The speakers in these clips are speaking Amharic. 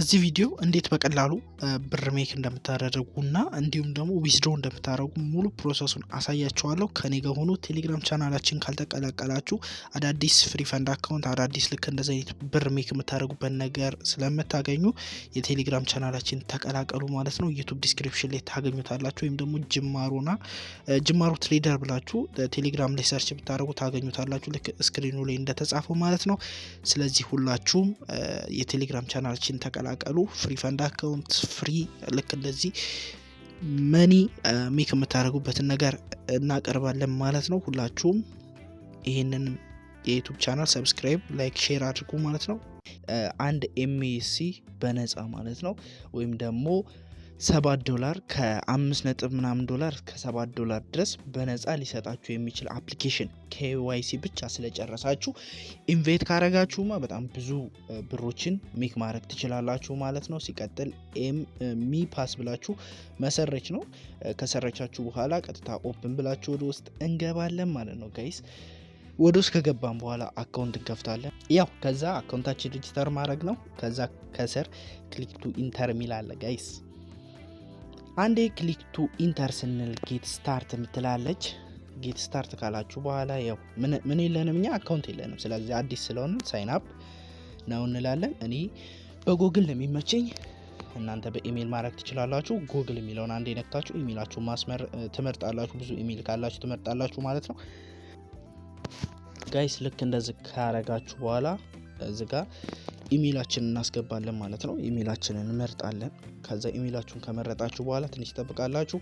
በዚህ ቪዲዮ እንዴት በቀላሉ ብር ሜክ እንደምታደርጉና እንዲሁም ደግሞ ዊዝድሮ እንደምታደረጉ ሙሉ ፕሮሰሱን አሳያችኋለሁ። ከኔ ጋር ሆኖ ቴሌግራም ቻናላችን ካልተቀላቀላችሁ አዳዲስ ፍሪ ፈንድ አካውንት አዳዲስ ልክ እንደዚ አይነት ብር ሜክ የምታደርጉበት ነገር ስለምታገኙ የቴሌግራም ቻናላችን ተቀላቀሉ ማለት ነው። ዩቱብ ዲስክሪፕሽን ላይ ታገኙታላችሁ። ወይም ደግሞ ጅማሮና ጅማሮ ትሬደር ብላችሁ ቴሌግራም ላይ ሰርች ብታደርጉ ታገኙታላችሁ። ልክ እስክሪኑ ላይ እንደተጻፈው ማለት ነው። ስለዚህ ሁላችሁም የቴሌግራም ቻናላችን ተቀላ ተቀላቀሉ። ፍሪ ፈንድ አካውንት ፍሪ ልክ እንደዚህ መኒ ሜክ uh, የምታደረጉበትን ነገር እናቀርባለን ማለት ነው። ሁላችሁም ይህንን የዩቱብ ቻናል ሰብስክራይብ፣ ላይክ፣ ሼር አድርጉ ማለት ነው። uh, አንድ ኤምኤሲ በነፃ ማለት ነው ወይም ደግሞ ሰባት ዶላር ከአምስት ነጥብ ምናምን ዶላር እስከ ዶላር ድረስ በነፃ ሊሰጣችሁ የሚችል አፕሊኬሽን ከዋይሲ ብቻ ስለጨረሳችሁ ኢንቬት ካረጋችሁማ በጣም ብዙ ብሮችን ሜክ ማድረግ ትችላላችሁ ማለት ነው። ሲቀጥል ኤም ሚ ፓስ ብላችሁ መሰረች ነው። ከሰረቻችሁ በኋላ ቀጥታ ኦፕን ብላችሁ ወደ ውስጥ እንገባለን ማለት ነው ጋይስ። ወደ ውስጥ ከገባን በኋላ አካውንት እንከፍታለን። ያው ከዛ አካውንታችን ሪጅስተር ማድረግ ነው። ከዛ ከስር ክሊክ ቱ ኢንተር ሚል አለ ጋይስ አንዴ ክሊክ ቱ ኢንተር ስንል ጌት ስታርት የምትላለች። ጌት ስታርት ካላችሁ በኋላ ያው ምን የለንም እኛ አካውንት የለንም። ስለዚህ አዲስ ስለሆነ ሳይን አፕ ነው እንላለን። እኔ በጎግል ነው የሚመቸኝ፣ እናንተ በኢሜይል ማድረግ ትችላላችሁ። ጎግል የሚለውን አንዴ ነክታችሁ ኢሜይላችሁ ማስመር ትመርጣላችሁ። ብዙ ኢሜይል ካላችሁ ትመርጣላችሁ ማለት ነው ጋይስ። ልክ እንደዚህ ካረጋችሁ በኋላ እዚ ጋር ኢሜይላችንን እናስገባለን ማለት ነው። ኢሜይላችንን እንመርጣለን። ከዛ ኢሜይላችሁን ከመረጣችሁ በኋላ ትንሽ ይጠብቃላችሁ።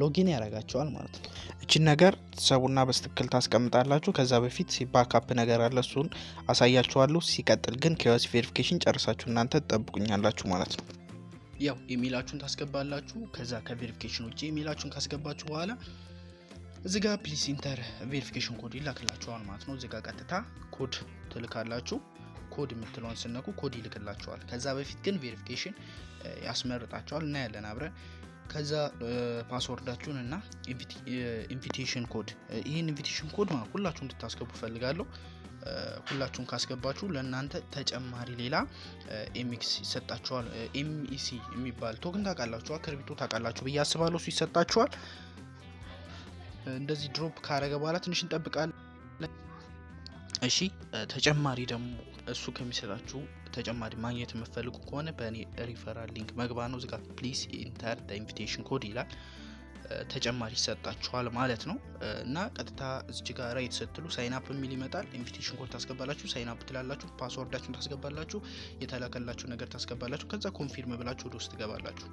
ሎጊን ያደርጋቸዋል ማለት ነው። እችን ነገር ሰቡና በስትክክል ታስቀምጣላችሁ። ከዛ በፊት ባካፕ ነገር አለ፣ እሱን አሳያችኋለሁ። ሲቀጥል ግን ከዮስ ቬሪፊኬሽን ጨርሳችሁ እናንተ ትጠብቁኛላችሁ ማለት ነው። ያው ኢሜይላችሁን ታስገባላችሁ። ከዛ ከቬሪፊኬሽን ውጭ ኢሜይላችሁን ካስገባችሁ በኋላ እዚህ ጋር ፕሊስ ኢንተር ቬሪፊኬሽን ኮድ ይላክላችኋል ማለት ነው። እዚህ ጋር ቀጥታ ኮድ ትልካላችሁ። ኮድ የምትለውን ስነቁ ኮድ ይልክላቸዋል። ከዛ በፊት ግን ቬሪፊኬሽን ያስመርጣቸዋል። እናያለን አብረን። ከዛ ፓስወርዳችሁን እና ኢንቪቴሽን ኮድ ይህን ኢንቪቴሽን ኮድ ማለት ሁላችሁ እንድታስገቡ ፈልጋለሁ። ሁላችሁን ካስገባችሁ ለእናንተ ተጨማሪ ሌላ ኤምኤክስ ይሰጣችኋል። ኤምኢሲ የሚባል ቶክን ታውቃላችሁ፣ አክርቢቶ ታውቃላችሁ ብዬ አስባለሁ። እሱ ይሰጣችኋል። እንደዚህ ድሮፕ ካረገ በኋላ ትንሽ እንጠብቃለን። እሺ ተጨማሪ ደግሞ እሱ ከሚሰጣችሁ ተጨማሪ ማግኘት የምፈልጉ ከሆነ በእኔ ሪፈራል ሊንክ መግባ ነው። እዚጋ ፕሊስ ኢንተር ኢንቪቴሽን ኮድ ይላል። ተጨማሪ ይሰጣችኋል ማለት ነው። እና ቀጥታ እዚች ጋራ የተሰትሉ ሳይንፕ የሚል ይመጣል። ኢንቪቴሽን ኮድ ታስገባላችሁ፣ ሳይንፕ ትላላችሁ፣ ፓስወርዳችሁን ታስገባላችሁ፣ የተላከላችሁ ነገር ታስገባላችሁ። ከዛ ኮንፊርም ብላችሁ ወደ ውስጥ ትገባላችሁ።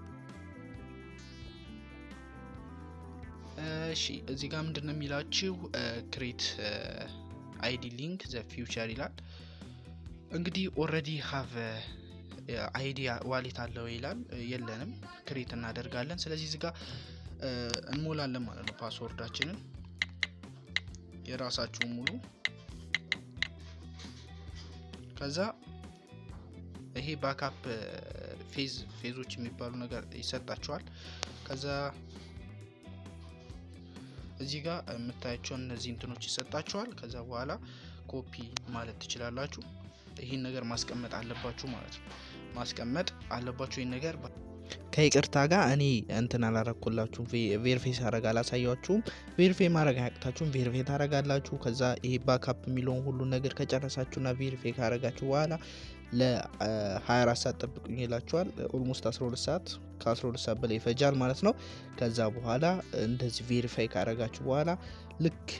እሺ እዚህ ጋር ምንድን የሚላችሁ ክሬት አይዲ ሊንክ ዘ ፊውቸር ይላል። እንግዲህ ኦረዲ ሀቭ አይዲ ዋሌት አለው ይላል። የለንም፣ ክሬት እናደርጋለን። ስለዚህ እዚህ እንሞላለን ማለት ነው ፓስወርዳችንን። የራሳችሁ ሙሉ ከዛ ይሄ ባካፕ ፌዝ ፌዞች የሚባሉ ነገር ይሰጣችኋል። ከዛ እዚህ ጋር የምታያቸውን እነዚህ እንትኖች ይሰጣችኋል። ከዛ በኋላ ኮፒ ማለት ትችላላችሁ። ይህን ነገር ማስቀመጥ አለባችሁ ማለት ነው። ማስቀመጥ አለባችሁ ይህን ነገር ከይቅርታ ጋር እኔ እንትን አላረኩላችሁም። ቬርፌ ሳረግ አላሳያችሁም። ቬርፌ ማድረግ አያቅታችሁም። ቬርፌ ታረጋላችሁ። ከዛ ይሄ ባካፕ የሚለውን ሁሉ ነገር ከጨረሳችሁና ቬርፌ ካረጋችሁ በኋላ ለ24 ሰዓት ጠብቁኝ ይላችኋል። ኦልሞስት 12 ሰዓት ከ12 ሰዓት በላይ ይፈጃል ማለት ነው። ከዛ በኋላ እንደዚህ ቬሪፋይ ካረጋችሁ በኋላ ልክ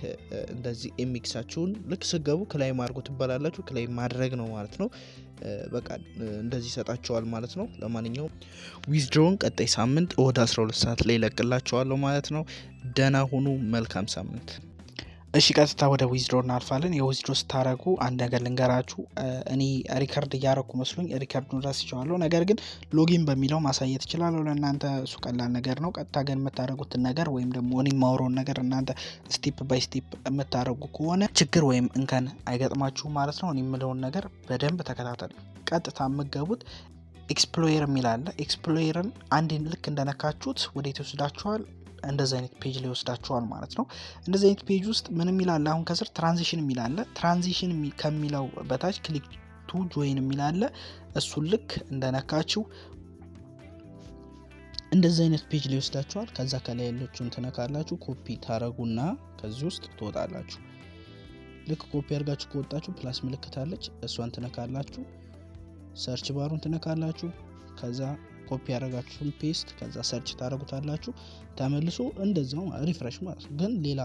እንደዚህ ኤሚክሳችሁን ልክ ስገቡ ክላይም አድርጎ ትባላላችሁ። ክላይም ማድረግ ነው ማለት ነው። በቃ እንደዚህ ይሰጣቸዋል ማለት ነው። ለማንኛውም ዊዝድሮን ቀጣይ ሳምንት ወደ 12 ሰዓት ላይ ይለቅላቸዋለሁ ማለት ነው። ደና ሁኑ። መልካም ሳምንት እሺ ቀጥታ ወደ ዊዝድሮ እናልፋለን። የዊዝድሮ ስታረጉ አንድ ነገር ልንገራችሁ። እኔ ሪከርድ እያረኩ መስሎኝ ሪከርዱን ረስቸዋለሁ። ነገር ግን ሎጊን በሚለው ማሳየት እችላለሁ ለእናንተ። እሱ ቀላል ነገር ነው። ቀጥታ ግን የምታደርጉትን ነገር ወይም ደግሞ እኔ የማወራውን ነገር እናንተ ስቴፕ ባይ ስቴፕ የምታደርጉ ከሆነ ችግር ወይም እንከን አይገጥማችሁ ማለት ነው። እኔ የምለውን ነገር በደንብ ተከታተሉ። ቀጥታ የምገቡት ኤክስፕሎየር የሚላለ ኤክስፕሎየርን አንድን ልክ እንደነካችሁት ወዴት የት ይወስዳችኋል? እንደዚህ አይነት ፔጅ ወስዳችኋል ማለት ነው። እንደዚ አይነት ፔጅ ውስጥ ምንም ይላል? አሁን ከስር ትራንዚሽን የሚል ትራንዚሽን ከሚለው በታች ክሊክ ቱ ጆይን የሚላለ እሱን ልክ እንደነካችው እንደዚህ አይነት ፔጅ ወስዳችኋል። ከዛ ከላይ ያለችውን ትነካላችሁ፣ ኮፒ ታረጉና ከዚህ ውስጥ ትወጣላችሁ። ልክ ኮፒ አድርጋችሁ ከወጣችሁ ፕላስ ምልክት አለች፣ እሷን ትነካላችሁ። ሰርች ባሩን ትነካላችሁ። ከዛ ኮፒ ያደረጋችሁን ፔስት ከዛ ሰርች ታደረጉታላችሁ ተመልሶ እንደዛው ሪፍሬሽ ማለት ነው። ግን ሌላ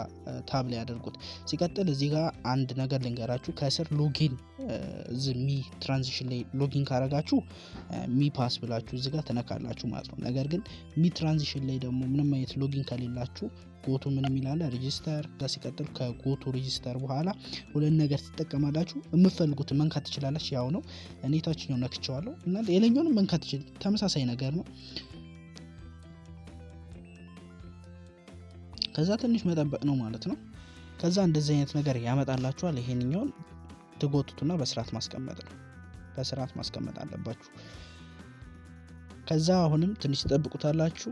ታብ ላይ ያደርጉት። ሲቀጥል እዚህ ጋር አንድ ነገር ልንገራችሁ። ከስር ሎጊን እዚ ሚ ትራንዚሽን ላይ ሎጊን ካረጋችሁ ሚ ፓስ ብላችሁ እዚ ጋር ትነካላችሁ ማለት ነው። ነገር ግን ሚ ትራንዚሽን ላይ ደግሞ ምንም አይነት ሎጊን ከሌላችሁ ጎቱ ምን የሚላለ ሬጅስተር ዛ ሲቀጥል ከጎቱ ሬጅስተር በኋላ ሁለት ነገር ትጠቀማላችሁ። የምፈልጉት መንካት ትችላለች ያው ነው እኔ ታችኛው ነክቸዋለሁ እና ሌላኛውንም መንካት ትችል ተመሳሳይ ነገር ነው። ከዛ ትንሽ መጠበቅ ነው ማለት ነው። ከዛ እንደዚህ አይነት ነገር ያመጣላችኋል። ይሄንኛውን ትጎቱትና በስርዓት ማስቀመጥ ነው። በስርዓት ማስቀመጥ አለባችሁ። ከዛ አሁንም ትንሽ ትጠብቁታላችሁ።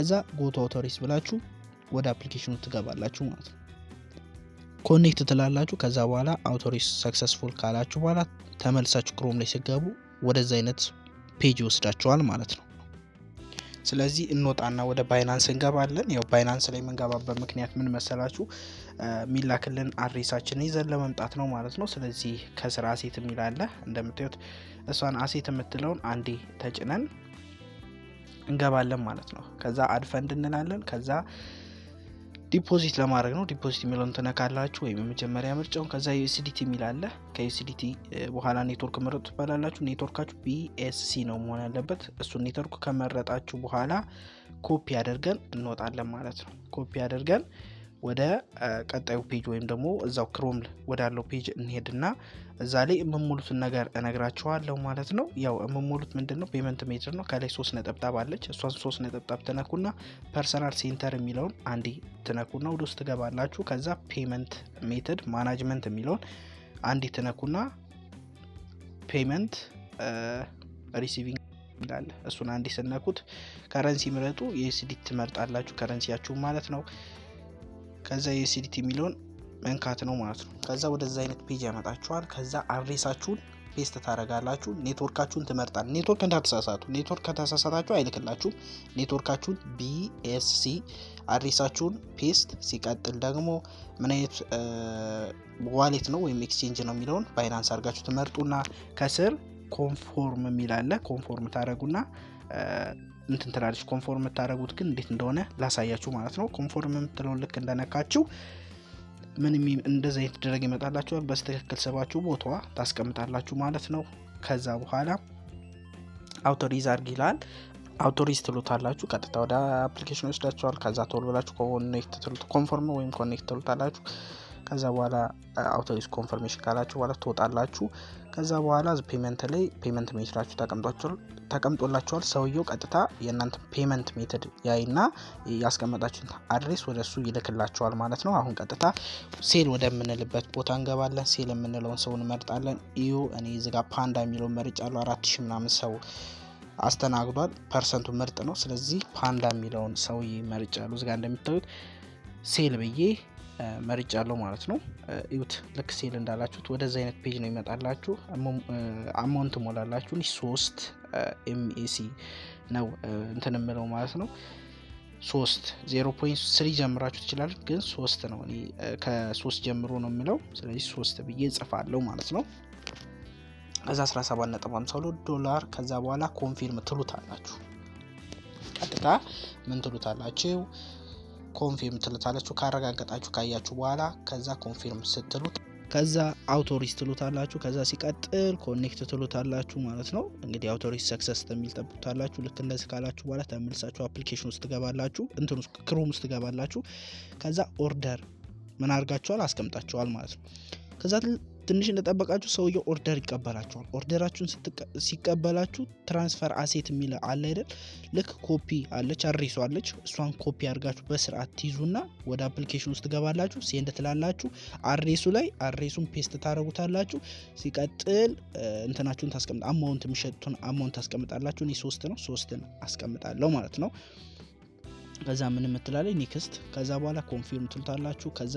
ከዛ ጎቶ አውቶሪስ ብላችሁ ወደ አፕሊኬሽኑ ትገባላችሁ ማለት ነው። ኮኔክት ትላላችሁ። ከዛ በኋላ አውቶሪስ ሰክሰስፉል ካላችሁ በኋላ ተመልሳችሁ ክሮም ላይ ስገቡ ወደዚ አይነት ፔጅ ይወስዳችኋል ማለት ነው። ስለዚህ እንወጣና ወደ ባይናንስ እንገባለን። ያው ባይናንስ ላይ የምንገባበት ምክንያት ምን መሰላችሁ? የሚላክልን አድሬሳችንን ይዘን ለመምጣት ነው ማለት ነው። ስለዚህ ከስራ አሴት የሚላለ እንደምታዩት እሷን አሴት የምትለውን አንዴ ተጭነን እንገባለን ማለት ነው። ከዛ አድፈንድ እንላለን። ከዛ ዲፖዚት ለማድረግ ነው። ዲፖዚት የሚለውን ትነካላችሁ ወይም የመጀመሪያ ምርጫውን። ከዛ ዩስዲቲ የሚላለ ከዩስዲቲ በኋላ ኔትወርክ መረጡ ትባላላችሁ። ኔትወርካችሁ ቢኤስሲ ነው መሆን ያለበት። እሱን ኔትወርክ ከመረጣችሁ በኋላ ኮፒ አድርገን እንወጣለን ማለት ነው። ኮፒ አድርገን ወደ ቀጣዩ ፔጅ ወይም ደግሞ እዛው ክሮም ወዳለው ፔጅ እንሄድና እዛ ላይ የምሞሉትን ነገር እነግራችኋለሁ ማለት ነው። ያው የምሞሉት ምንድን ነው? ፔመንት ሜትር ነው። ከላይ ሶስት ነጠብጣብ አለች። እሷን ሶስት ነጠብጣብ ትነኩና ፐርሰናል ሴንተር የሚለውን አንዴ ትነኩና ወደ ውስጥ ትገባላችሁ። ከዛ ፔመንት ሜትድ ማናጅመንት የሚለውን አንዴ ትነኩና ፔመንት ሪሲቪንግ ይላል እሱን አንዴ ስነኩት፣ ከረንሲ ምረጡ። የዩኤስዲ ትመርጣላችሁ ከረንሲያችሁ ማለት ነው። ከዛ ዩኤስዲቲ የሚለውን መንካት ነው ማለት ነው። ከዛ ወደዛ አይነት ፔጅ ያመጣችኋል። ከዛ አድሬሳችሁን ፔስት ታደርጋላችሁ። ኔትወርካችሁን ትመርጣል። ኔትወርክ እንዳትሳሳቱ። ኔትወርክ ከተሳሳታችሁ አይልክላችሁም። ኔትወርካችሁን ቢኤስሲ አድሬሳችሁን ፔስት፣ ሲቀጥል ደግሞ ምን አይነት ዋሌት ነው ወይም ኤክስቼንጅ ነው የሚለውን ባይናንስ አድርጋችሁ ትመርጡና ከስር ኮንፎርም የሚል አለ። ኮንፎርም ታደረጉና እንትን ትላለች። ኮንፎርም የምታደረጉት ግን እንዴት እንደሆነ ላሳያችሁ ማለት ነው። ኮንፎርም የምትለውን ልክ እንደነካችሁ ምን እንደዚ የተደረገ ይመጣላችኋል። በስትክክል ስባችሁ ቦታዋ ታስቀምጣላችሁ ማለት ነው። ከዛ በኋላ አውቶሪዝ አድርግ ይላል። አውቶሪዝ ትሉታላችሁ። ቀጥታ ወደ አፕሊኬሽን ወስዳችኋል። ከዛ ተወልበላችሁ ኮኔክት ትሉት ኮንፎርም ወይም ኮኔክት ትሉታላችሁ። ከዛ በኋላ አውቶሪስ ኮንፈርሜሽን ካላችሁ በኋላ ትወጣላችሁ። ከዛ በኋላ ፔመንት ላይ ፔመንት ሜትዳችሁ ተቀምጦላችኋል። ሰውየው ቀጥታ የእናንተ ፔመንት ሜትድ ያይና ያስቀመጣችሁን አድሬስ ወደ እሱ ይልክላችኋል ማለት ነው። አሁን ቀጥታ ሴል ወደምንልበት ቦታ እንገባለን። ሴል የምንለውን ሰው እንመርጣለን። ዩ እኔ እዚህ ፓንዳ የሚለውን መርጫለሁ። አራት ሺ ምናምን ሰው አስተናግዷል። ፐርሰንቱ ምርጥ ነው። ስለዚህ ፓንዳ የሚለውን ሰውዬ መርጫለሁ። እዚጋ እንደሚታዩት ሴል ብዬ መርጫ አለው ማለት ነው። ዩት ልክ ሴል እንዳላችሁት ወደዚህ አይነት ፔጅ ነው ይመጣላችሁ። አማውንት ሞላላችሁ። እኔ ሶስት ኤምኤሲ ነው እንትን የምለው ማለት ነው። ሶስት ዜሮ ፖንት ስሪ ጀምራችሁ ትችላለች፣ ግን ሶስት ነው እኔ ከሶስት ጀምሮ ነው የምለው። ስለዚህ ሶስት ብዬ ጽፋለው ማለት ነው። ከዛ 17.52 ዶላር ከዛ በኋላ ኮንፊርም አላችሁ ቀጥታ ምን ትሉታላችሁ? ኮንፊርም ትሉታላችሁ። ካረጋገጣችሁ ካያችሁ በኋላ ከዛ ኮንፊርም ስትሉት ከዛ አውቶሪስ ትሉታላችሁ። ከዛ ሲቀጥል ኮኔክት ትሉታላችሁ ማለት ነው። እንግዲህ አውቶሪስ ሰክሰስ የሚል ጠብታላችሁ። ልክ እንደዚህ ካላችሁ በኋላ ተመልሳችሁ አፕሊኬሽን ውስጥ ትገባላችሁ፣ እንትን ክሮም ውስጥ ትገባላችሁ። ከዛ ኦርደር ምን አድርጋችኋል አስቀምጣችኋል ማለት ነው። ከዛ ትንሽ እንደጠበቃችሁ ሰውየው ኦርደር ይቀበላችኋል። ኦርደራችሁን ሲቀበላችሁ ትራንስፈር አሴት የሚል አለ አይደል? ልክ ኮፒ አለች አድሬሷ አለች። እሷን ኮፒ አድርጋችሁ በስርዓት ትይዙና ወደ አፕሊኬሽን ውስጥ ትገባላችሁ። ሴንድ ትላላችሁ አሬሱ ላይ አሬሱን ፔስት ታደረጉታላችሁ። ሲቀጥል እንትናችሁን ታስቀምጣ አማውንት የሚሸጡትን አማውንት ታስቀምጣላችሁ። እኔ ሶስት ነው ሶስትን አስቀምጣለሁ ማለት ነው። ከዛ ምን ምትላለኝ ኒክስት ከዛ በኋላ ኮንፊርም ትልታላችሁ ከዛ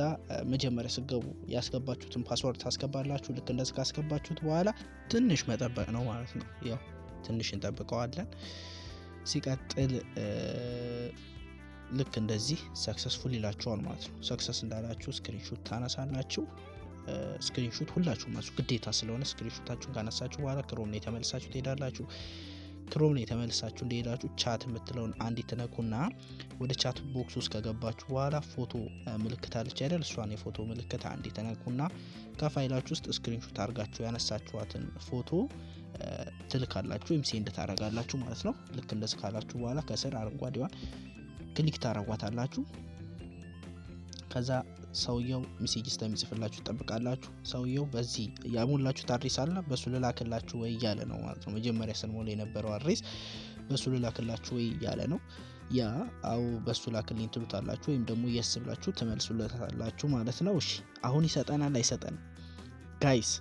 መጀመሪያ ስገቡ ያስገባችሁትን ፓስወርድ ታስገባላችሁ። ልክ እንደዚህ ካስገባችሁት በኋላ ትንሽ መጠበቅ ነው ማለት ነው። ያው ትንሽ እንጠብቀዋለን። ሲቀጥል ልክ እንደዚህ ሰክሰስፉል ይላችኋል ማለት ነው። ሰክሰስ እንዳላችሁ ስክሪንሹት ታነሳላችሁ። ስክሪንሹት ሁላችሁ ግዴታ ስለሆነ ስክሪንሹታችሁን ካነሳችሁ በኋላ ክሮም ላይ ትሄዳላችሁ። ክሮም ላይ የተመልሳችሁ እንደሄዳችሁ ቻት የምትለውን አንድ ነኩና ወደ ቻት ቦክስ ውስጥ ከገባችሁ በኋላ ፎቶ ምልክት አለች አይደል? እሷን የፎቶ ምልክት አንድ ነኩና ከፋይላችሁ ውስጥ ስክሪንሾት አድርጋችሁ ያነሳችኋትን ፎቶ ትልካላችሁ ወይም ሴንድ ታደርጋላችሁ ማለት ነው። ልክ እንደዚህ ካላችሁ በኋላ ከስር አረንጓዴዋን ክሊክ ታረጓታላችሁ ከዛ ሰውየው ሚሴጅ እስከሚጽፍላችሁ ትጠብቃላችሁ። ሰውየው በዚህ ያሞላችሁት አድሬስ አለ በሱ ልላክላችሁ ወይ እያለ ነው ማለት ነው። መጀመሪያ ስንሞላ የነበረው አድሬስ በሱ ልላክላችሁ ወይ እያለ ነው። ያ አው በሱ ላክልኝ ትሉታላችሁ ወይም ደግሞ የስ ብላችሁ ትመልሱለታላችሁ ማለት ነው። እሺ አሁን ይሰጠናል አይሰጠንም? ጋይስ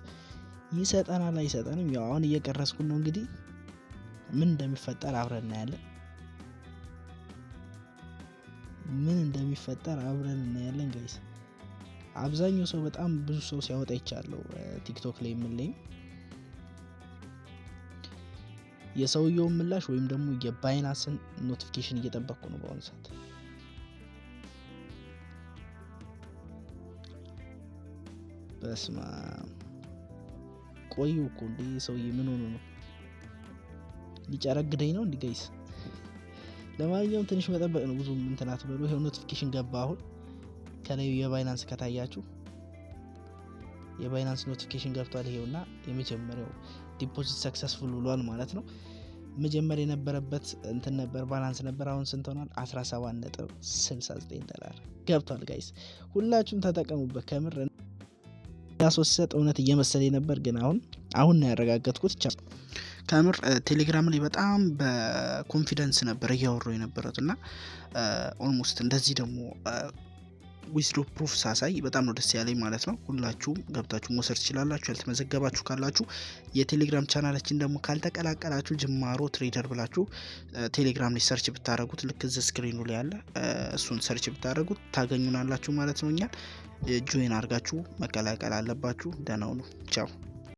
ይሰጠናል አይሰጠንም? ያው አሁን እየቀረስኩን ነው እንግዲህ ምን እንደሚፈጠር አብረን እናያለን። ምን እንደሚፈጠር አብረን እናያለን ጋይስ አብዛኛው ሰው በጣም ብዙ ሰው ሲያወጣ ይቻለው ቲክቶክ ላይ የምለይም የሰውየውን ምላሽ ወይም ደግሞ የባይናንስን ኖቲፊኬሽን እየጠበቅኩ ነው በአሁኑ ሰዓት። በስማ ቆዩ እኮ እንዴ ሰውዬ ምን ሆኑ ነው? ሊጨረግደኝ ነው እንዲገይስ። ለማንኛውም ትንሽ መጠበቅ ነው ብዙ ምንትናት አትበሉ። ይኸው ኖቲፊኬሽን ገባ አሁን። ከላዩ የባይናንስ ከታያችሁ የባይናንስ ኖቲፊኬሽን ገብቷል። ይሄውና የመጀመሪያው ዲፖዚት ሰክሰስፉል ብሏል ማለት ነው። መጀመሪያ የነበረበት እንትን ነበር ባላንስ ነበር። አሁን ስንት ሆኗል? 17 ዶላር ገብቷል። ጋይስ ሁላችሁም ተጠቀሙበት። ከምር ያስወሰጥ እውነት እየመሰለ ነበር፣ ግን አሁን አሁን ነው ያረጋገጥኩት። ቻ ከምር ቴሌግራም ላይ በጣም በኮንፊደንስ ነበር እያወሩ የነበረት እና ኦልሞስት እንደዚህ ደግሞ ዊዝዶ ፕሩፍ ሳሳይ በጣም ነው ደስ ያለኝ ማለት ነው። ሁላችሁም ገብታችሁ መውሰድ ትችላላችሁ። ያልተመዘገባችሁ ካላችሁ የቴሌግራም ቻናላችን ደግሞ ካልተቀላቀላችሁ ጅማሮ ትሬደር ብላችሁ ቴሌግራም ላይ ሰርች ብታደረጉት ልክ እዚህ ስክሪኑ ላይ ያለ እሱን ሰርች ብታደረጉት ታገኙናላችሁ ማለት ነው። እኛን ጆይን አድርጋችሁ መቀላቀል አለባችሁ። ደህናው ነው። ቻው